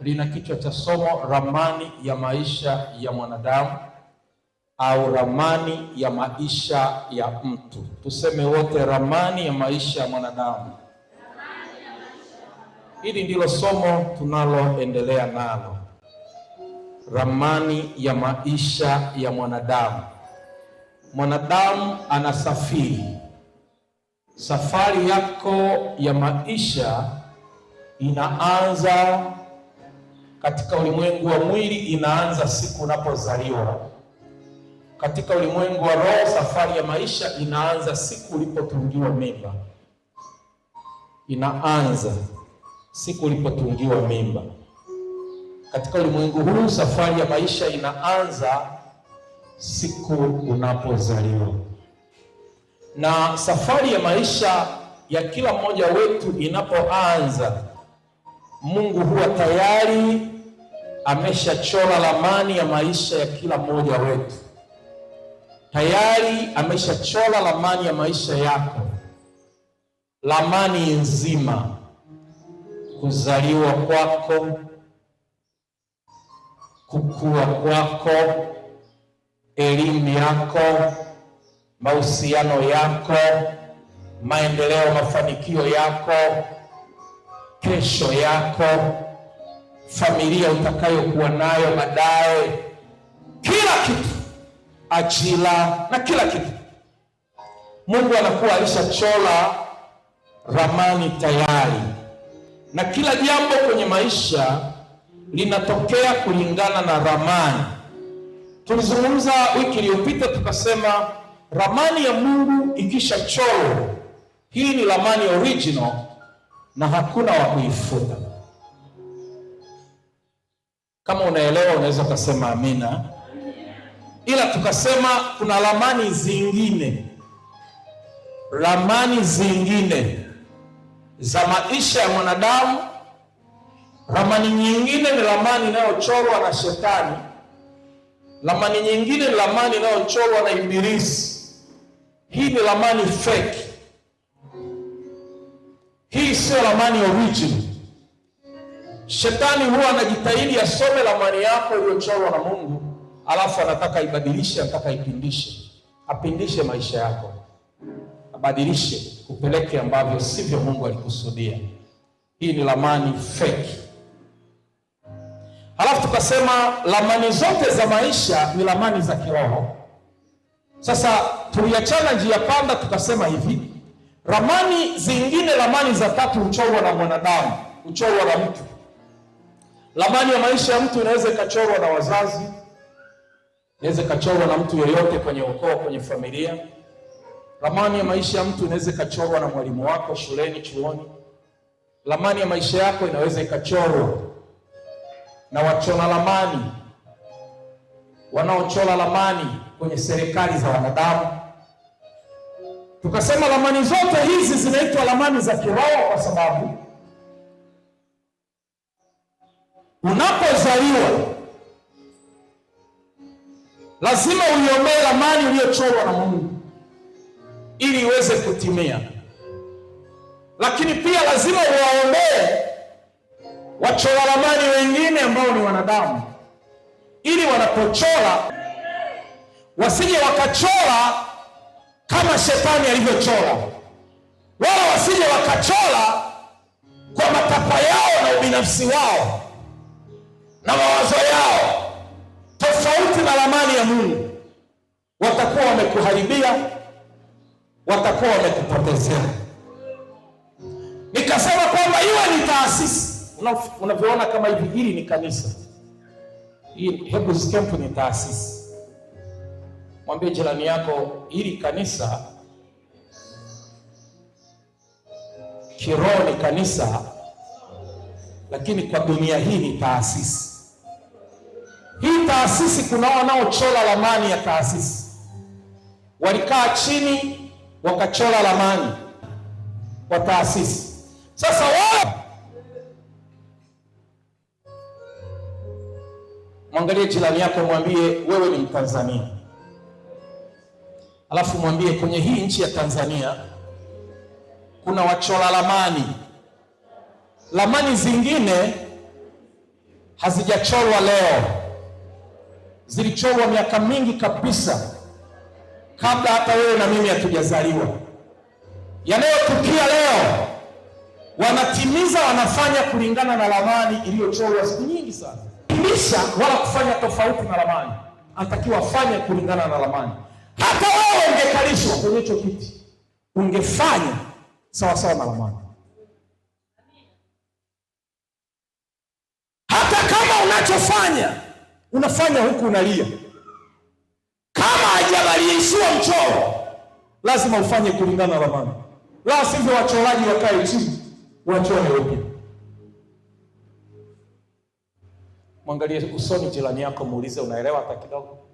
lina kichwa cha somo ramani ya maisha ya mwanadamu au ramani ya maisha ya mtu. Tuseme wote ramani ya maisha ya mwanadamu. Hili ndilo somo tunaloendelea nalo, ramani ya maisha ya mwanadamu. Mwanadamu anasafiri. Safari yako ya maisha inaanza katika ulimwengu wa mwili inaanza siku unapozaliwa. Katika ulimwengu wa roho, safari ya maisha inaanza siku ulipotungiwa mimba, inaanza siku ulipotungiwa mimba. Katika ulimwengu huu, safari ya maisha inaanza siku unapozaliwa, na safari ya maisha ya kila mmoja wetu inapoanza Mungu huwa tayari ameshachora ramani ya maisha ya kila mmoja wetu, tayari ameshachora ramani ya maisha yako, ramani nzima, kuzaliwa kwako, kukua kwako, elimu yako, mahusiano yako, maendeleo, mafanikio yako kesho yako, familia utakayokuwa nayo baadaye, kila kitu, ajira na kila kitu. Mungu anakuwa alishachola ramani tayari, na kila jambo kwenye maisha linatokea kulingana na ramani. Tulizungumza wiki iliyopita tukasema, ramani ya Mungu ikishachorwa, hii ni ramani original na hakuna wa kuifuta. Kama unaelewa unaweza ukasema amina, ila tukasema kuna ramani zingine, ramani zingine za maisha ya mwanadamu. Ramani nyingine ni ramani inayochorwa na Shetani, ramani nyingine ni ramani inayochorwa na Ibilisi. Hii ni ramani fake hii siyo ramani original. Shetani huwa anajitahidi asome ramani yako iliyochorwa na Mungu, alafu anataka ibadilishe, anataka ipindishe, apindishe maisha yako, abadilishe, kupeleke ambavyo sivyo Mungu alikusudia. Hii ni ramani fake. Halafu tukasema ramani zote za maisha ni ramani za kiroho. Sasa tuliachana njia panda, tukasema hivi Ramani zingine, ramani za tatu huchorwa na mwanadamu, huchorwa na mtu. Ramani ya maisha ya mtu inaweza ikachorwa na wazazi, inaweza ikachorwa na mtu yeyote kwenye ukoo, kwenye familia. Ramani ya maisha ya mtu inaweza ikachorwa na mwalimu wako shuleni, chuoni. Ramani ya maisha yako inaweza ikachorwa na wachora ramani, wanaochora ramani kwenye serikali za wanadamu Tukasema lamani zote hizi zinaitwa lamani za kiroho kwa sababu unapozaliwa lazima uiombee lamani iliyochorwa na Mungu ili iweze kutimia, lakini pia lazima uwaombee wachora ramani wengine ambao ni wanadamu, ili wanapochora wasije wakachora kama shetani alivyochora, wala wasije wakachora kwa matakwa yao na ubinafsi wao na mawazo yao tofauti na ramani ya Mungu. Watakuwa wamekuharibia, watakuwa wamekupotezea. Nikasema kwamba iwe ni taasisi unavyoona, kama hivi, hili ni kanisa, hii Hebrews Camp ni taasisi Mwambie jirani yako, hili kanisa kiroho ni kanisa, lakini kwa dunia hii ni taasisi. Hii taasisi, kuna wanaochora ramani ya taasisi, walikaa chini wakachora ramani kwa taasisi. Sasa wao mwangalie jirani yako, mwambie wewe ni Mtanzania alafu mwambie kwenye hii nchi ya Tanzania kuna wachora ramani. Ramani zingine hazijachorwa leo, zilichorwa miaka mingi kabisa, kabla hata wewe na mimi hatujazaliwa. Yanayotukia leo wanatimiza, wanafanya kulingana na ramani iliyochorwa siku nyingi sana. Timisha wala kufanya tofauti na ramani, anatakiwa afanye kulingana na ramani. Hata wewe ungekalishwa kwenye hicho kiti, ungefanya sawasawa na moja. Hata kama unachofanya unafanya huku unalia, kama hajabadilishiwa mchoro, lazima ufanye kulingana na ramani, la sivyo wachoraji wakae chini wachore upya. Mwangalie usoni jirani yako, muulize unaelewa hata kidogo.